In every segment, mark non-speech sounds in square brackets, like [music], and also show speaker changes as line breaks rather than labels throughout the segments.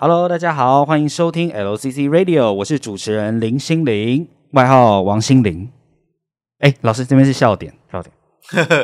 Hello，大家好，歡迎收聽 LCC Radio，我是主持人林昕臨，外號王心凌。誒老師這邊是笑點，笑點，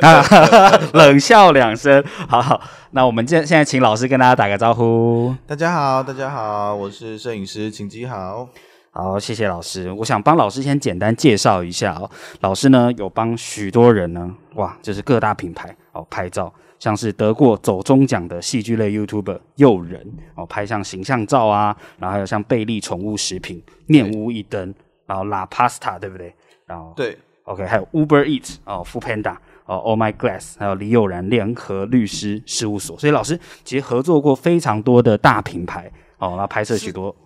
[laughs] [laughs] 冷笑兩聲。好，好，那我們現現在請老師跟大家打個招呼。
大家好，大家好，我是攝影師覃基豪，
好，謝謝老師。我想幫老師先簡單介紹一下哦，老師呢有幫許多人呢，哇，就是各大品牌哦拍照。像是得過走鐘獎的戲劇類 YouTuber 佑仁哦，拍像形象照啊，然後還有像貝利寵物食品麵屋一燈，對然後 La Pasta 對不對？然後對 OK，還有 Uber Eats 哦，foodpanda 哦 Oh My Glass，還有李友然聯合律師事務所，所以老師其實合作過非常多的大品牌哦，然後拍攝許多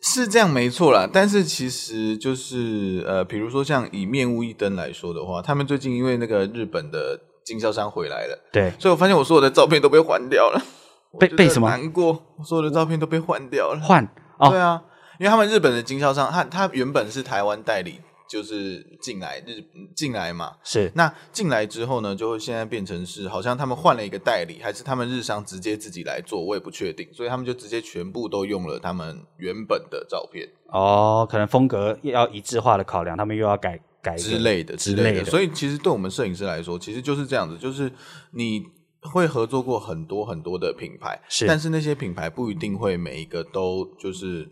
是，
是這樣沒錯啦。但是其實就是呃，比如說像以面屋一燈來說的話，他們最近因為那個日本的。經銷商回來了，對，所以我發現，我所有的照片都被換掉了，
被，被什麼？難
過，所有的照片都被換掉了，換，對啊，因為他們日本的經銷商，他他原本是台灣代理，就是進來日進來嘛，是那進來之後呢，就會現在變成是，好像他們換了一個代理，還是他們日商直接自己來做，我也不確定，所以他們就直接全部都用了他們原本的照片，
哦，
可能風格要一致化的考量，他們又要改。之類的之類的，所以其實對我們攝影師來說，其實就是這樣子，就是你會合作過很多很多的品牌，是，但是那些品牌不一定會每一個都就是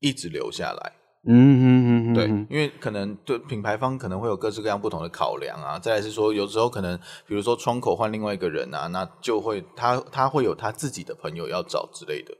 一直留下來。嗯嗯嗯，對，因為可能對品牌方可能會有各式各樣不同的考量啊，再來是說有時候可能比如說窗口換另外一個人啊，那就會他他會有他自己的朋友要找之類的。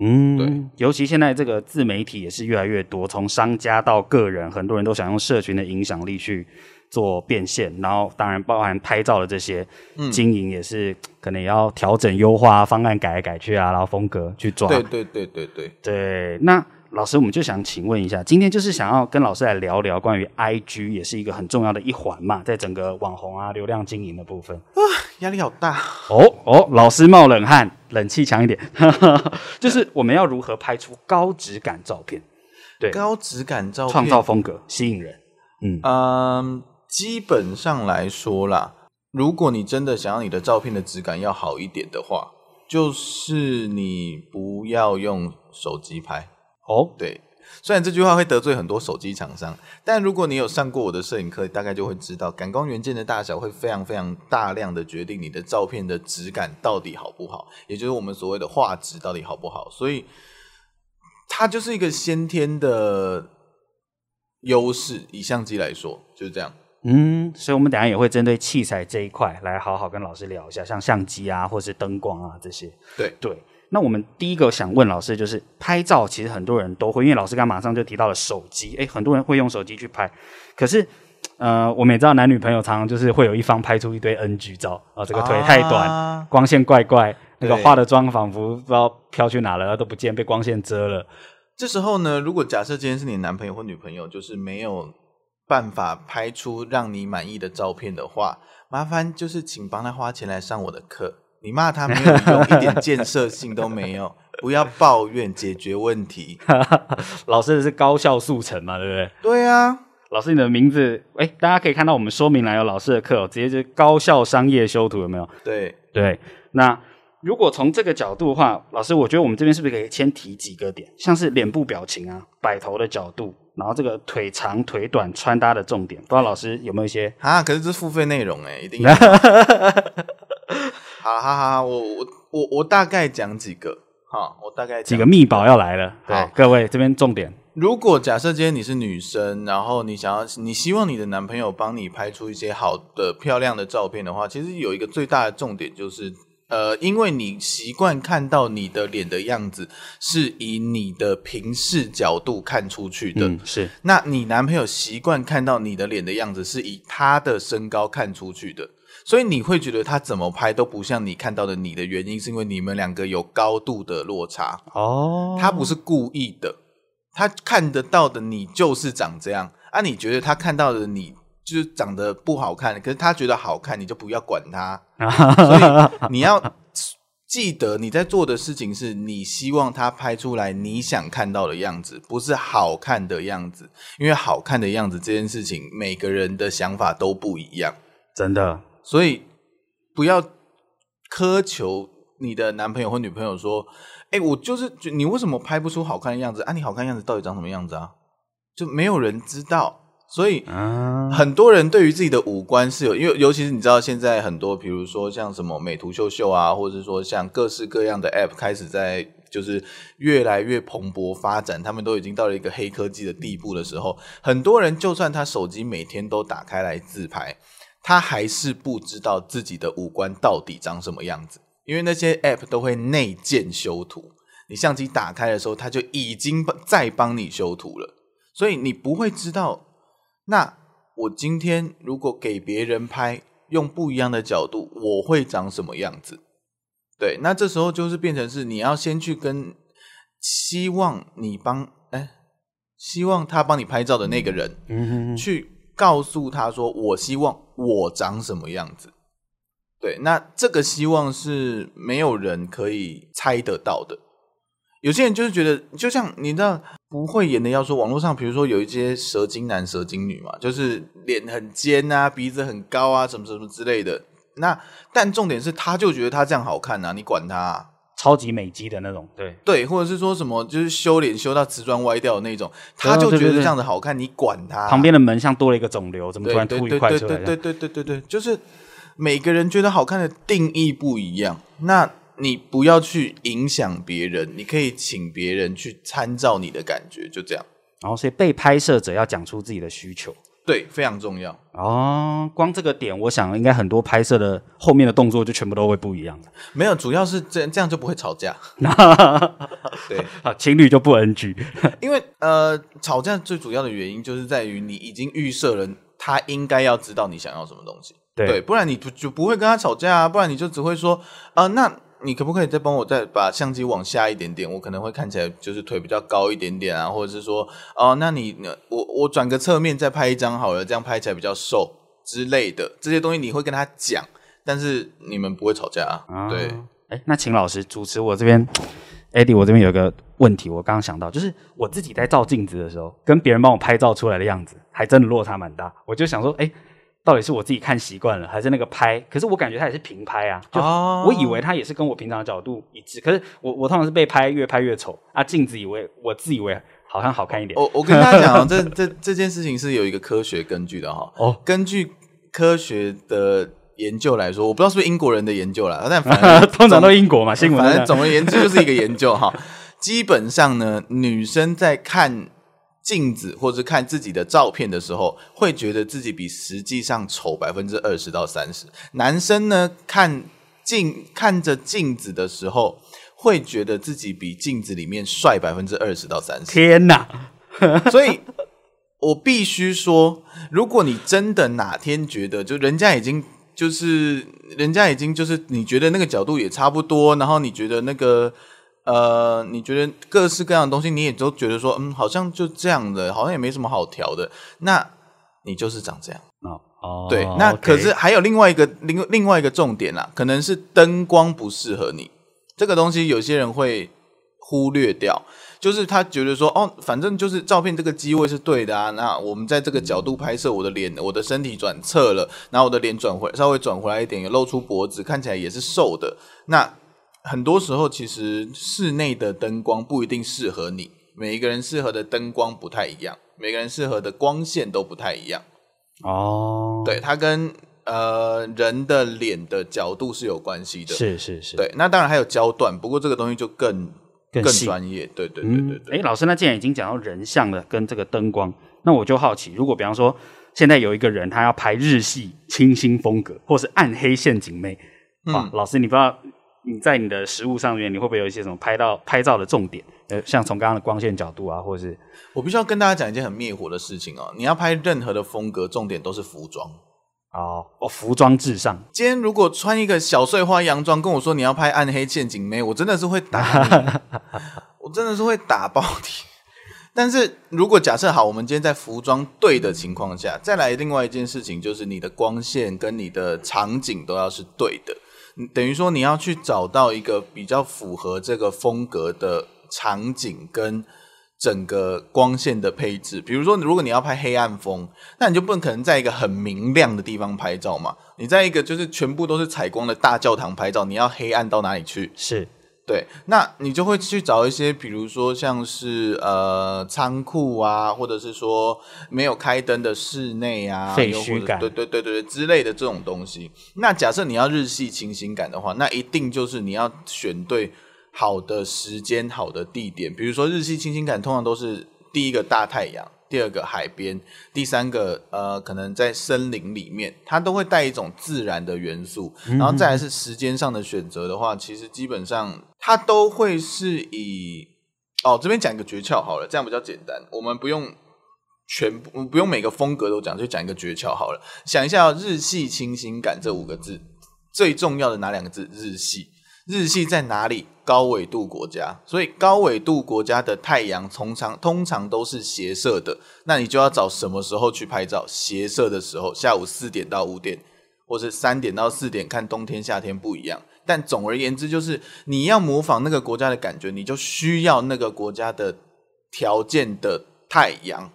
嗯，對，尤其現在這個自媒體也是越來越多，從商家到個人，很多人都想用社群的影響力去做變現，然後當然包含拍照的這些、嗯、經營也是可能也要調整優化方案，改來改去啊，然後風格去抓。對對
對對對對，
對，那。老師，我們就想請問一下，今天就是想要跟老師來聊聊關於 IG，也是一個很重要的一環嘛，在整個網紅啊、流量經營的部分。啊，壓力好大。哦哦，oh, oh, 老師冒冷汗，冷氣強一點。 [laughs] 就是我們要如何拍出高質感照片？對，高質
感照片，創造風格，吸引人。嗯嗯、呃，基本上來說啦，如果你真的想要你的照片的質感要好一點的話，就是你不要用手機拍。哦，oh? 對，雖然這句話會得罪很多手機廠商，但如果你有上過我的攝影課，大概就會知道，感光元件的大小會非常非常大量的決定你的照片的質感到底好不好，也就是我們所謂的畫質到底好不好。所以，它就是一個先天的優勢。以相機來說，就是這樣。
嗯，所以我們等一下也會針對器材這一塊來好好跟老師聊一下，像相機啊，或是燈光啊這些。對對。對那我們第一個想問老師，就是拍照其實很多人都會，因為老師剛剛馬上就提到了手機，誒，很多人會用手機去拍。可是，呃，我們也知道男女朋友常常就是會有一方拍出一堆 NG 照啊，這個腿太短，啊、光線怪怪，那個化的妝仿
佛不知道飄去哪了，對都不見被光線遮了。這時候呢，如果假設今天是你男朋友或女朋友，就是沒有辦法拍出讓你滿意的照片的話，麻煩就是請幫他花錢來上我的課。你罵他沒有用，一點建設性都沒有。不要抱怨，解決問題。 [laughs] 老師是高效速成嘛，對不對？對啊，
老師，你的名字哎、欸，大家可以看到我們說明欄有老師的課，直接就是高效商業修圖，有沒有？對對。那如果從這個角度的話，老師，我覺得我們這邊是不是可以先提幾個點，像是臉部表情啊，擺頭的角度，然後這個腿長腿短，穿搭的重點，不知道老師有沒有一些？啊，可是這是付費內容
哎、欸，一定有有。 [laughs] 好好好，好，我我我我大概講幾個，哈，我大概講幾個，幾個祕
寶要來了，好，對，各位這邊重點。
如果假設今天你是女生，然後你想要，你希望你的男朋友幫你拍出一些好的、漂亮的照片的話，其實有一個最大的重點就是，呃，因為你習慣看到你的臉的樣子是以你的平視角度看出去的，嗯，是，那你男朋友習慣看到你的臉的樣子是以他的身高看出去的。所以你會覺得他怎麼拍都不像你看到的你的原因，是因為你們兩個有高度的落差哦。Oh. 他不是故意的，他看得到的你就是長這樣。啊，你覺得他看到的你就是長得不好看，可是他覺得好看，你就不要管他。
[laughs] 所以你
要記得，你在做的事情是你希望他拍出來你想看到的樣子，不是好看的樣子。因為好看的樣子這件事情，每個人的想法都不一樣，真的。所以不要苛求你的男朋友或女朋友說：“哎、欸，我就是，你為什麼拍不出好看的樣子？啊，你好看的樣子到底長什麼樣子啊？”就沒有人知道。所以很多人對於自己的五官是有，因為尤其是你知道，現在很多，比如說像什麼美圖秀秀啊，或者說像各式各樣的 App 開始在就是越來越蓬勃發展，他們都已經到了一個黑科技的地步的時候，很多人就算他手機每天都打開來自拍。他還是不知道自己的五官到底長什麼樣子，因為那些 App 都會內建修圖，你相機打開的時候，他就已經幫再幫你修圖了，所以你不會知道。那我今天如果給別人拍，用不一樣的角度，我會長什麼樣子？對，那這時候就是變成是你要先去跟希望你幫哎、欸，希望他幫你拍照的那個人，去告訴他說，我希望。我長什麼樣子？對，那這個希望是沒有人可以猜得到的。有些人就是覺得，就像你知道不會演的，要說網絡上，比如說有一些蛇精男、蛇精女嘛，就是臉很尖啊，鼻子很高啊，什麼什麼之類的。那但重點是，他就覺得他這樣好看啊，你管他啊。超級美肌的那種，對對，或者是說什麼就是修臉修到瓷磚歪掉的那種，他就覺得這樣子好看，對對對對，你管他啊。旁
邊的門像多了一個腫瘤，怎麼突然突一塊出來？對對對，
對對對對對，就是每個人覺得好看的定義不一樣，那你不要去影響別人，你可以請別人去參照你的感覺，就這樣。然後，所以被
拍攝者要講出自己的需求。
對，非常重要
哦，光這個點，我想應該很多拍攝的後面的動作就全部都會不一樣
了。沒有，主要是這樣這樣就不會吵架。 [laughs] [laughs] 對啊，
情侶就不 NG。 [laughs]
因為呃，吵架最主要的原因就是在於你已經預設了他應該要知道你想要什麼東西，對，對，不然你不就不會跟他吵架啊？不然你就只會說啊、呃、那。你可不可以再幫我再把相機往下一點點？我可能會看起來就是腿比較高一點點啊，或者是說哦，那你我我轉個側面再拍一張好了，這樣拍起來比較瘦之類的。這些東西你會跟他講，但是你們不會吵架，啊。嗯、對？哎、欸，那覃老師主持我這邊
，Eddie 我這邊有一個問題，我剛剛想到，就是
我自己在照鏡子的時候，
跟別人幫我拍照出來的樣子，還真的落差蠻大。我就想說，哎、欸。到底是我自己看習慣了，還是那個拍？可是我感覺他也是平拍啊，哦、就我以為他也是跟我平常的角度一致。可是我我通常是被拍越拍越醜啊，鏡子以為我自以為好像好看一點。我、哦、我跟大家講，這
這這件事情是有一個科學根據的哈。哦，哦根據科學的研究來說，我不知道是不是英國人的研究啦，但反正 [laughs] 通常都英國嘛新聞。反正總而言之就是一個研究哈、哦。 [laughs] 基本上呢，女生在看。鏡子或者看自己的照片的時候，會覺得自己比實際上醜百分之二十到三十。男生呢，看鏡看着鏡子的時候，會覺得自己比鏡子裡面帥百分之二十到三十。天哪！ [laughs] 所以，我必須說，如果你真的哪天覺得，就人家已經就是人家已經就是你覺得那個角度也差不多，然後你覺得那個。呃，你覺得各式各樣的東西，你也都覺得說，嗯，好像就這樣的，好像也沒什麼好調的。那，你就是長這樣啊。哦，oh, oh, 對，那 okay. 可是還有另外一個另另外一個重點啦、啊，可能是燈光不適合你。這個東西有些人會忽略掉，就是他覺得說，哦，反正就是照片這個機位是對的啊。那我們在這個角度拍攝，我的臉，嗯、我的身體轉側了，然後我的臉轉回稍微轉回來一點，也露出脖子，看起來也是瘦的。那。很多時候，其實室內的燈光不一定適合你。每一個人適合的燈光不太一樣，每個人適合的光線都不太一樣。哦，對，它跟呃人的臉的角度是有關係的。是是是，對。那當然還有焦段，不過這個東西就更，更細，更專業。對對對對，對。誒、嗯，老師，那既然已經講到人像了，跟這個燈
光，那我就好奇，如果比方說現在有一個人他要拍日系清新風格，或是暗黑陷阱妹，啊，嗯、老師，你不要。你在你的食物上面，你會不會有一些
什麼拍到拍照的重點？呃，像從剛剛的光線角度啊，或是我必須要跟大家講一件很滅火的事情哦。你要拍任何的風格，重點都是服裝哦，服裝至上。今天如果穿一個小碎花洋裝跟我說你要拍暗黑陷阱妹，我真的是會打， [laughs] 我真的是會打爆你。但是如果假設好，我們今天在服裝對的情況下，再來另外一件事情，就是你的光線跟你的場景都要是對的。等於說，你要去找到一個比較符合這個風格的場景，跟整個光線的配置。比如說，如果你要拍黑暗風，那你就不可能在一個很明亮的地方拍照嘛。你在一個就是全部都是採光的大教堂拍照，你要黑暗到哪裡去？是。對，那你就會去找一些，比如說像是呃倉庫啊，或者是說沒有開燈的室內啊，廢墟感，對對對對對之類的這種東西。那假設你要日系清新感的話，那一定就是你要選對好的時間、好的地點。比如說日系清新感，通常都是第一個大太陽。第二個海邊，第三個呃，可能在森林裡面，它都會帶一種自然的元素。嗯嗯然後再來是時間上的選擇的話，其實基本上它都會是以哦，這邊講一個訣竅好了，這樣比較簡單。我們不用全部，我們不用每個風格都講，就講一個訣竅好了。想一下哦，“日系清新感”這五個字，最重要的哪兩個字？日系。日系在哪裡？高緯度國家，所以高緯度國家的太陽通常通常都是斜射的。那你就要找什麼時候去拍照？斜射的時候，下午四點到五點，或是三點到四點，看冬天夏天不一樣。但總而言之，就是你要模仿那個國家的感覺，你就需要那個國家的條件的太陽。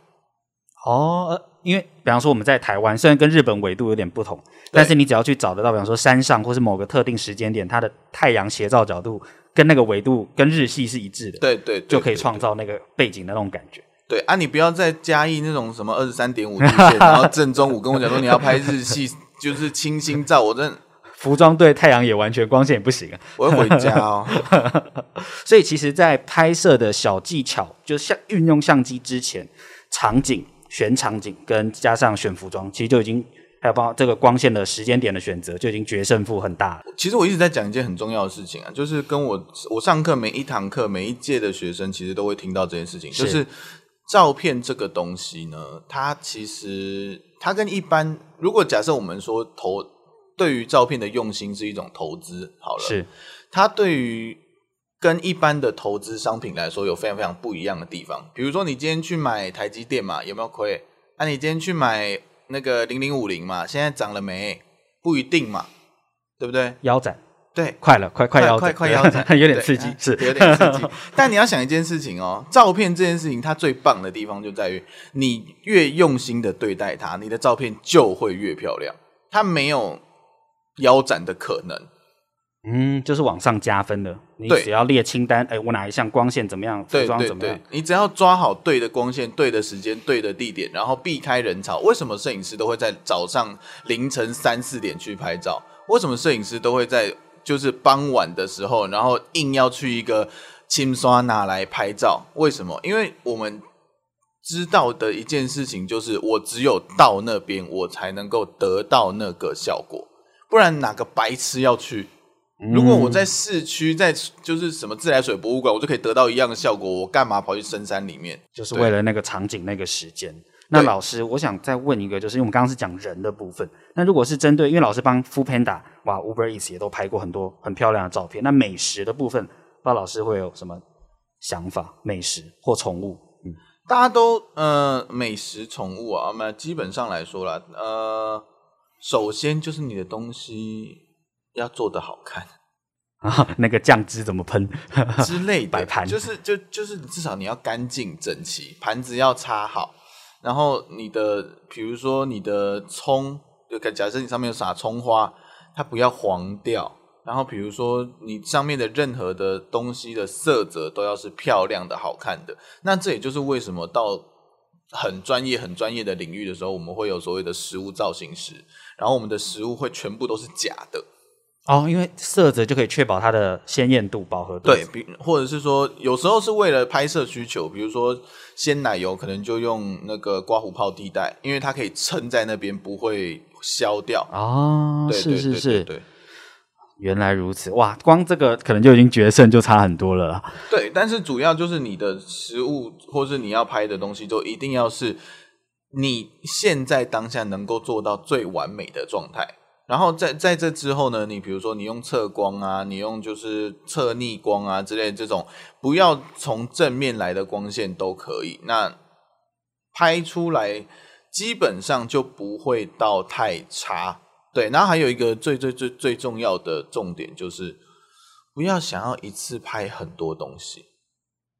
哦。因為，比方說我們在台灣，雖然跟日本緯度有點不同，但是你只要去找得到，比方說山上或是某個特定時間點，它的太陽斜照角度跟那個緯度跟日系是一致的，對對、對，就可以創造那個背景的那種感覺。對、
對、對、對、對、對啊，你不要再加印那種什麼二十三點五度，然後正中午跟我講說你要拍日系 [laughs] 就是清新照，我真
服裝對太陽也完全光線也不行。我要回家哦。
[laughs]
所以其實，在拍攝的小技巧，就是、像運用相機之前場景。選場景跟加上選服裝，其實就已經還有包括這個光線的時間點的
選擇，就已經決勝負很大了。其實我一直在講一件很重要的事情啊，就是跟我，我上課每一堂課每一屆的學生其實都會聽到這件事情，是就是照片這個東西呢，它其實它跟一般，如果假設我們說投，對於照片的用心是一種投資好了，是它對於。跟一般的投資商品來說，有非常非常不一樣的地方。比如說，你今天去買台積電嘛，有沒有虧？那、啊、你今天去買那個零零五零嘛，現在漲了沒？不一定嘛，對不對？腰斬
斬，對，快了，快快腰，快，快快腰斬、啊，有點刺激，對是、啊、有點刺
激。是 [laughs] 但你要想一件事情哦，照片這件事情，它最棒的地方就在於，你越用心的對待它，你的照片就會越漂亮。它沒有腰斬的可能。
嗯，就是往上加分的。你只要列清單，哎，對，我哪一項光線怎麼樣？服裝怎麼樣？對對
對？你只要抓好對的光線、對的時間、對的地點，然後避開人潮。為什麼攝影師都會在早上凌晨三四點去拍照？為什麼攝影師都會在就是傍晚的時候，然後硬要去一個清刷拿來拍照？為什麼？因為我們知道的一件事情就是，我只有到那邊，我才能夠得到那個效果。不然哪個白痴要去？如果我在市區，在就是什麼自來水博物館，我就可以得到一樣的效果。我幹嘛跑去深山裡面？就是為了那個場景、那個時間。
那老師，對我想再問一
個，就是因為我們剛剛是講人的部分。
那如果是針對，因為老師幫 Food Panda 哇、哇 Uber Eats 也都拍過很多很漂亮的照片。那美食的部分，不知道老師會有什麼想法？美食或寵物？嗯、
大家都嗯、呃、美食、寵物啊。那基本上來說啦，呃，首先就是你的東西。要做得好
看啊，那個醬汁怎麼噴之類的擺盤 [laughs] 盤、就
是，就是就就是你至少你要乾淨整齊，盤子要擦好，然後你的比如說你的蔥，就看假設你上面有撒蔥花，它不要黃掉，然後比如說你上面的任何的東西的色澤都要是漂亮的好看的，那這也就是為什麼到很專業很專業的領域的時候，我們會有所謂的食物造型師，然後我們的食物會全部都是假的。
哦，因為色澤就可以確保它的鮮豔度、飽和度。對，
或者是說，有時候是為了拍攝需求，比如說鮮奶油，可能就用那個刮鬍泡替代，因為它可以撐在那邊，不會消掉。哦，對對對對對是是是，
對，對，對。原來如此，哇！光這個可能就已經決勝，就差很多
了。對，但是主要就是你的食物，或是你要拍的東西，就一定要是你現在當下能夠做到最完美的狀態。然後在在這之後呢，你比如說你用側光啊，你用就是側逆光啊之類的這種，不要從正面來的光線都可以，那拍出來基本上就不會到太差。對，然後還有一個最最最最重要的重點就是，不要想要一次拍很多東西。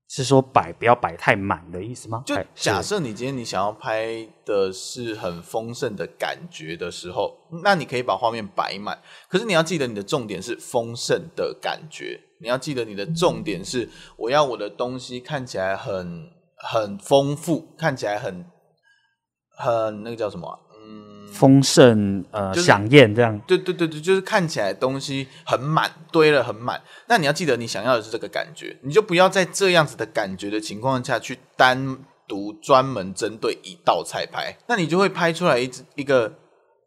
是說擺不要擺太滿的意思嗎？就假設你今天你想要拍的是很豐盛的感覺的時候，那你可以把畫面擺滿。可是你要記得你的重點是豐盛的感覺，你要記得你的重點是我要我的東西看起來很很豐富，看起來很很那個叫什麼啊？
豐盛呃，饗、就是、宴這樣，對
對對對，就是看起來東西很滿，堆了很滿。那你要記得，你想要的是這個感覺，你就不要在這樣子的感覺的情況下去單獨專門針對一道菜拍，那你就會拍出來一一個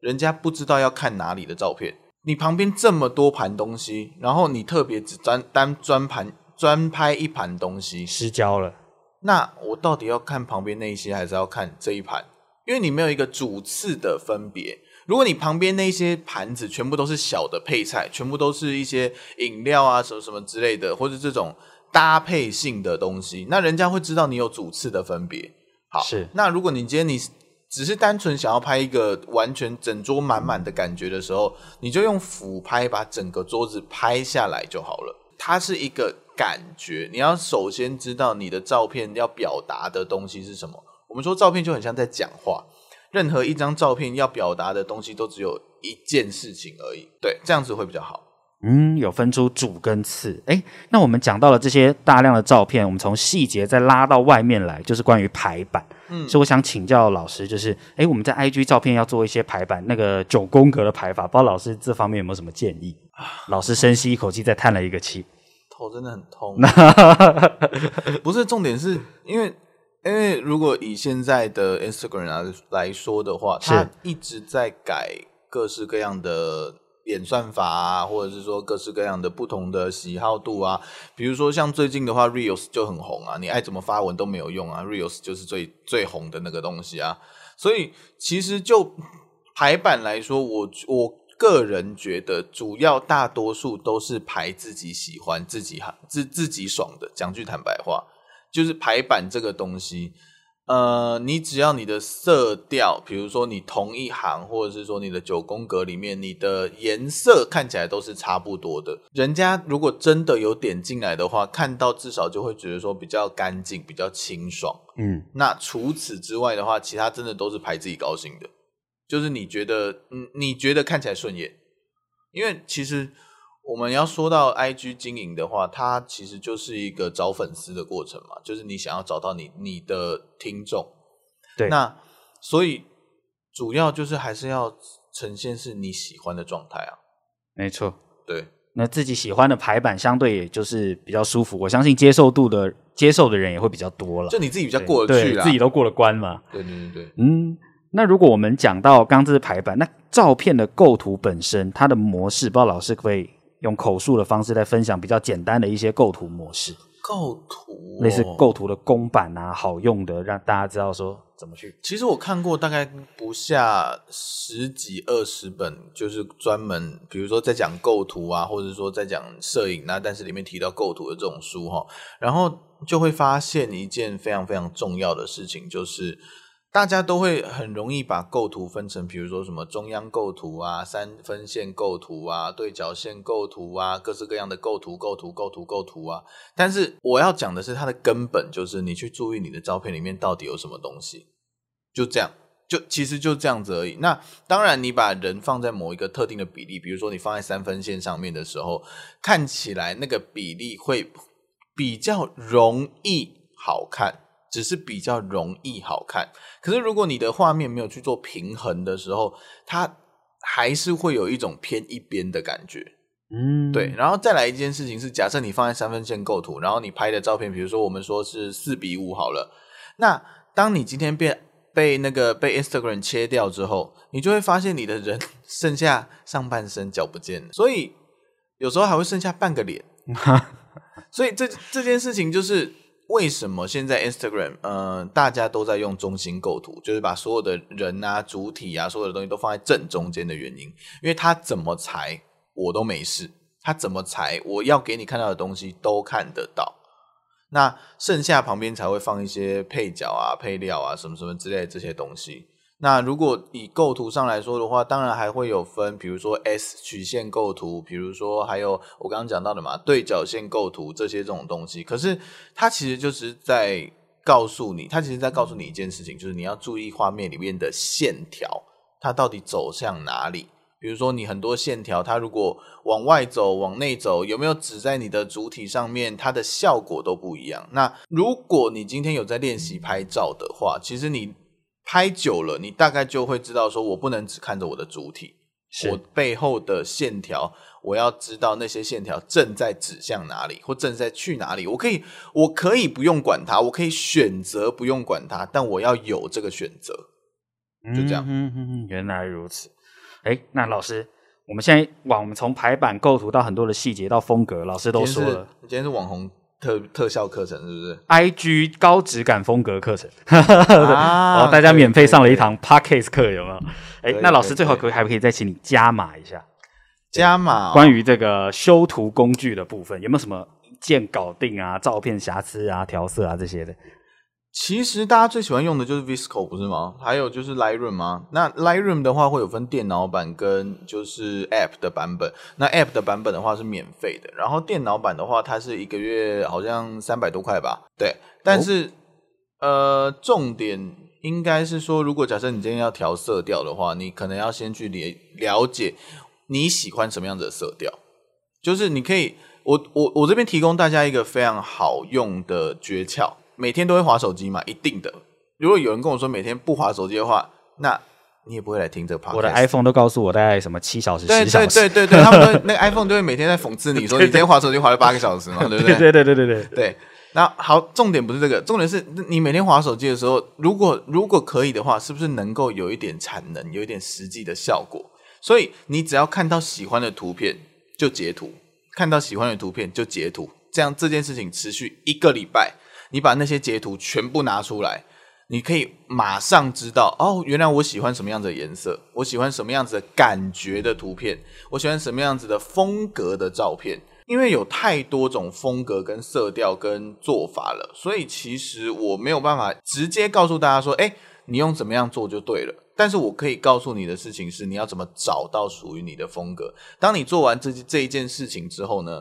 人家不知道要看哪裡的照片。你旁邊這麼多盤東西，然後你特別只專單專盤專拍一盤東西，失焦了。那我到底要看旁邊那些，還是要看這一盤？因為你沒有一個主次的分別。如果你旁邊那些盤子全部都是小的配菜，全部都是一些飲料啊、什麼什麼之類的，或者這種搭配性的東西，那人家會知道你有主次的分別。好，是。那如果你今天你只是單純想要拍一個完全整桌滿滿的感覺的時候，你就用俯拍把整個桌子拍下來就好了。它是一個感覺，你要首先知道你的照片要表達的東西是什麼。我們說照片就很像在講話，任何一張照片要表達的東西都只有一件事情而已。對，這樣子會比較好。
嗯，有分出主跟次。哎，那我們講到了這些大量的照片，我們從細節再拉到外面來，就是關於排版。嗯，所以我想請教老師，就是哎，我們在 IG 照片要做一些排版，那個九宮格的排法，不知道老師這方面有沒有什麼建議？啊，老師深吸一口氣，再嘆了一個氣，
頭真的很痛。 [laughs] [laughs] 不是重點，是因為。因為如果以現在的 Instagram 來、啊、來說的話，它是一直在改各式各樣的演算法啊，或者是說各式各樣的不同的喜好度啊。比如說像最近的話，Reels 就很紅啊，你愛怎麼發文都沒有用啊，Reels 就是最最紅的那個東西啊。所以其實就排版來說，我我個人覺得，主要大多數都是排自己喜歡、自己自自己爽的。講句坦白話。就是排版這個東西，呃，你只要你的色調，比如說你同一行，或者是說你的九宮格裡面，你的顏色看起來都是差不多的。人家如果真的有點進來的話，看到至少就會覺得說比較乾淨，比較清爽。嗯，那除此之外的話，其他真的都是排自己高興的，就是你覺得你、嗯、你覺得看起來順眼，因為其實。我們要說到 IG 經營的話，它其實就是一個找粉絲的過程嘛，就是你想要找到你你的聽眾。對，那所以主要就是還是要呈現是你喜歡的狀態啊。
沒錯，對。那自己喜歡的排版相對也就是比較舒服，我相信接受度的接受的人也會比較多了。就你自己比較過得去啦。對，對自己都過了關嘛。對對對對，嗯。那如果我們講到剛剛這次排版，那照片的構圖本身它的模式，不知道老師可不可以。用口述的方式來分享比較簡單的一些構圖模式，
構圖、哦、類似構
圖的公版啊，好用的，讓大家知道說
怎麼去。其實我看過大概不下十幾二十本，就是專門比如說在講構圖啊，或者說在講攝影啊，但是裡面提到構圖的這種書、哦、然後就會發現一件非常非常重要的事情就是。大家都會很容易把構圖分成，比如說什麼中央構圖啊、三分線構圖啊、對角線構圖啊、各式各樣的構圖、構圖、構圖、構圖、構圖啊。但是我要講的是它的根本，就是你去注意你的照片裡面到底有什麼東西，就這樣，就其實就這樣子而已。那當然，你把人放在某一個特定的比例，比如說你放在三分線上面的時候，看起來那個比例會比較容易好看。只是比較容易好看，可是如果你的畫面沒有去做平衡的時候，它還是會有一種偏一邊的感覺。嗯，對。然後再來一件事情是，假設你放在三分線構圖，然後你拍的照片，比如說我們說是四比五好了，那當你今天被被那個被 Instagram 切掉之後，你就會發現你的人剩下上半身，腳不見了，所以有時候還會剩下半個臉。 [laughs] 所以這這件事情就是。為什麼現在 Instagram 嗯、呃、大家都在用中心構圖，就是把所有的人啊、主體啊、所有的東西都放在正中間的原因？因為他怎麼裁我都沒事，他怎麼裁我要給你看到的東西都看得到，那剩下旁邊才會放一些配角啊、配料啊、什麼什麼之類的這些東西。那如果以構圖上來說的話，當然還會有分，比如說 S 曲線構圖，比如說還有我剛剛講到的嘛，對角線構圖這些這種東西。可是它其實就是在告訴你，它其實在告訴你一件事情，就是你要注意畫面裡面的線條，它到底走向哪裡。比如說你很多線條，它如果往外走、往內走，有沒有指在你的主體上面，它的效果都不一樣。那如果你今天有在練習拍照的話，其實你。拍久了，你大概就會知道說，我不能只看着我的主體，是我背後的線條，我要知道那些線條正在指向哪裡，或正在去哪裡。我可以，我可以不用管它，我可以選擇不用管它，但我要有這個選擇、嗯。嗯，就這、嗯、樣，嗯嗯嗯，原來如此。哎、欸，那老師，我們
現在網，我們從排版、構圖到很多的細節到風格，老師都說了。今
天，今天是網紅。特特效課程是不
是？IG 高質感風格課程，啊， [laughs] 對以大家免費上了一堂 Podcast 課，有沒有？誒，那老師以最後可，可，以可以還可不可以再請你加碼一下？
加碼、哦欸、關
於這個修圖工具的部分，有沒有什麼一鍵搞定啊？
照片瑕疵啊、調色啊這些的？其實大家最喜歡用的就是 Visco，不是嗎？還有就是 Lightroom 嗎、啊？那 Lightroom 的話會有分電腦版跟就是 App 的版本。那 App 的版本的話是免費的，然後電腦版的話，它是一個月好像三百多塊吧。對，但是、哦、呃，重點應該是說，如果假設你今天要調色調的話，你可能要先去了了解你喜歡什麼樣子的色調。就是你可以，我我我這邊提供大家一個非常好用的訣竅。每天都會滑手機嘛，一定的。如果有人跟我說每天不滑手機的話，那你也不會來聽這個 podcast。我的 iPhone
都告訴我大概什麼七小時、十對小時。對對對對，對對對對 [laughs] 他們那
個 iPhone 都會每天在諷刺你說對對你今天滑手機滑了八個小時嘛，對不對？對對對對對對，對。那好，重點不是這個，重點是你每天滑手機的時候，如果如果可以的話，是不是能夠有一點產能，有一點實際的效果？所以你只要看到喜歡的圖片就截圖，看到喜歡的圖片就截圖，這樣這件事情持續一個禮拜。你把那些截圖全部拿出來，你可以馬上知道哦，原來我喜歡什麼樣子的顏色，我喜歡什麼樣子的感覺的圖片，我喜歡什麼樣子的風格的照片。因為有太多種風格跟色調跟做法了，所以其實我沒有辦法直接告訴大家說，誒，你用怎麼樣做就對了。但是我可以告訴你的事情是，你要怎麼找到屬於你的風格。當你做完這這一件事情之後呢？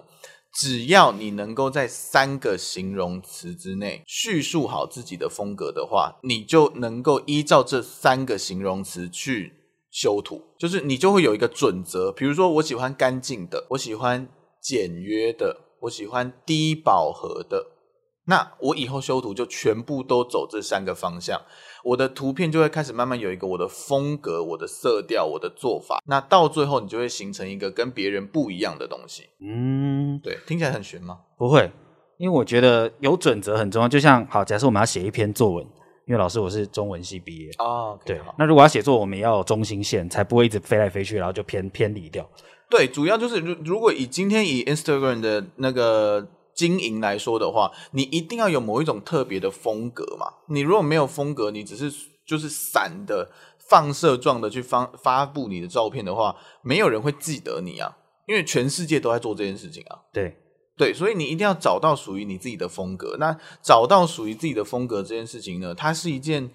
只要你能夠在三個形容詞之內敘述好自己的風格的話，你就能夠依照這三個形容詞去修圖，就是你就會有一個準則。比如說，我喜歡乾淨的，我喜歡簡約的，我喜歡低飽和的。那我以後修圖就全部都走這三個方向，我的圖片就會開始慢慢有一個我的風格、我的色調、我的做法。那到最後，你就會形成一個跟別人不一樣的東西。嗯，對，聽起來很玄嗎？不會，因為我
覺得有準則很重要。就像好，假設我們要寫一篇作文，因為老師我是中文系畢業哦，okay, 對。好。那如果要寫作，我們也要有中心線，才不會一直飛來飛去，然後就偏偏離掉。
對，主要就是如如果以今天以 Instagram 的那個。經營來說的話，你一定要有某一種特別的風格嘛。你如果沒有風格，你只是就是散的放射狀的去發發布你的照片的話，沒有人會記得你啊。因為全世界都在做這件事情啊。對對，所以你一定要找到屬於你自己的風格。那找到屬於自己的風格這件事情呢，它是一件，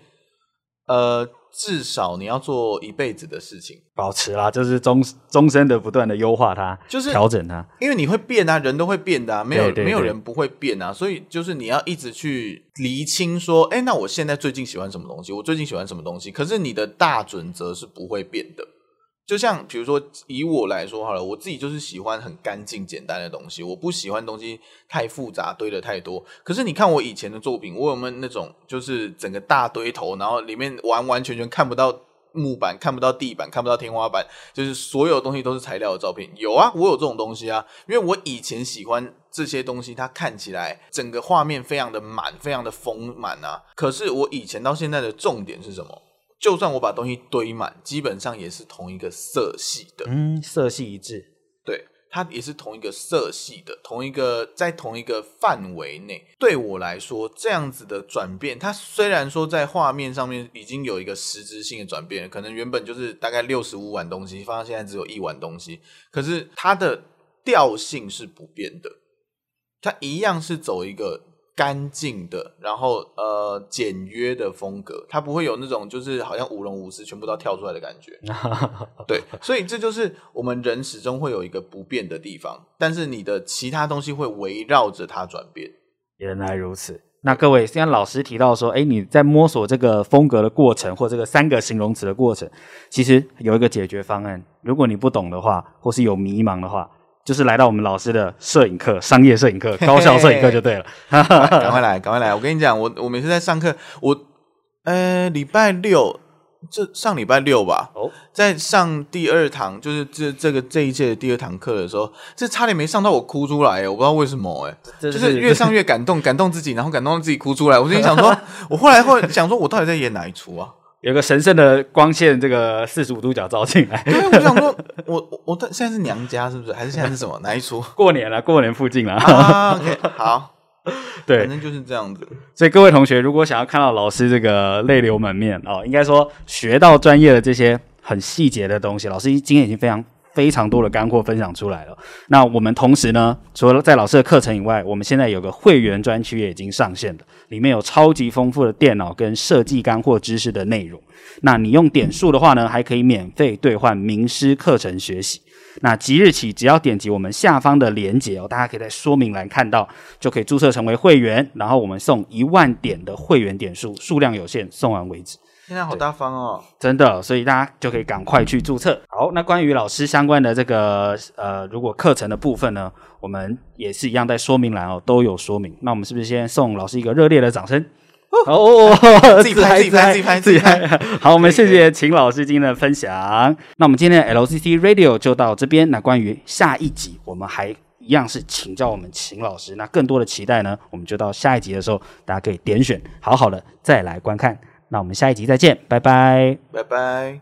呃，至少你要做一輩子的事情，
保持啦、啊，就是終終身的不斷的優化它，就是調整它。
因為你會變啊，人都會變的啊，沒有，對對對，沒有人不會變啊，所以就是你要一直去釐清說，哎、欸，那我現在最近喜歡什麼東西？我最近喜歡什麼東西？可是你的大準則是不會變的。就像比如說以我來說好了，我自己就是喜歡很乾淨簡單的東西，我不喜歡東西太複雜堆得太多。可是你看我以前的作品，我有沒有那種就是整個大堆頭，然後裡面完完全全看不到木板、看不到地板、看不到天花板，就是所有東西都是材料的照片？有啊，我有這種東西啊，因為我以前喜歡這些東西，它看起來整個畫面非常的滿，非常的豐滿啊。可是我以前到現在的重點是什麼？就算我把東西堆滿，基本上也是同一個色系
的。嗯，色系一
致。對，它也是同一個色系的，同一個，在同一個範圍內。對我來說，這樣子的轉變，它雖然說在畫面上面已經有一個實質性的轉變，可能原本就是大概六十五碗東西，放到現在只有一碗東西，可是它的調性是不變的，它一樣是走一個。乾淨的，然後呃，簡約的風格，它不會有那種就是好像舞龍舞獅全部都跳出來的感覺。 [laughs] 對，所以這就是我們人始終會有一個不變的地方，但是你的其他東西會圍繞着它轉變。原來如此，
那各位，像老師提到說，哎，你在摸索這個風格的過程，或這個三個形容詞的過程，其實有一個解決方案。如果你不懂的話，或是有迷茫的話。就是來到我們老師的攝影課，商業攝影課，高校攝影課就對了。趕 [laughs] 快
來，趕快來！我跟你講，我我每次在上課，我呃禮拜六這上禮拜六吧，哦、在上第二堂，就是這這個這一屆的第二堂課的時候，這差點沒上到我哭出來，我不知道為什麼，這是就是越上越感動， [laughs] 感動自己，然後感動到自己哭出來。我就想說， [laughs] 我後來後來想說，我到底在演哪一出啊？有個神聖的光線，這個四十五度角照進來。因為我想說，我我現在是娘家，是不是？還是現在是什麼？哪一出？
過年了，過年附近了。Oh, OK，好，對，反正
就是這樣子。
所以各位同學，如果想要看到老師這個淚流滿面哦，應該說學到專業的這些很細節的東西，老師今天已經非常。非常多的乾貨分享出來了。那我們同時呢，除了在老師的課程以外，我們現在有個會員專區也已經上線了，裡面有超級豐富的電腦跟設計乾貨知識的內容。那你用點數的話呢，還可以免費兌換名師課程學習。那即日起，只要點擊我們下方的鏈接哦，大家可以在說明欄看到，就可以註冊成為會員，然後我們送一萬點的會員點數，數量有限，送完為止。
現在好大方哦，
真的，所以大家就可以趕快去註冊。好，那關於老師相關的這個呃，如果課程的部分呢，我們也是一樣在說明欄哦、喔、都有說明。那我們是不是先送老師一個熱烈的掌聲？哦，自己拍自己拍自己拍自己拍。好，我們謝謝覃老師今天的分享。可以。那我們今天的 LCC Radio 就到這邊。那關於下一集，我們還一樣是請教我們覃老師。那更多的期待呢，我們就到下一集的時候，大家可以點選，好好的再來觀看。那我們下一集再見，拜拜，
拜拜。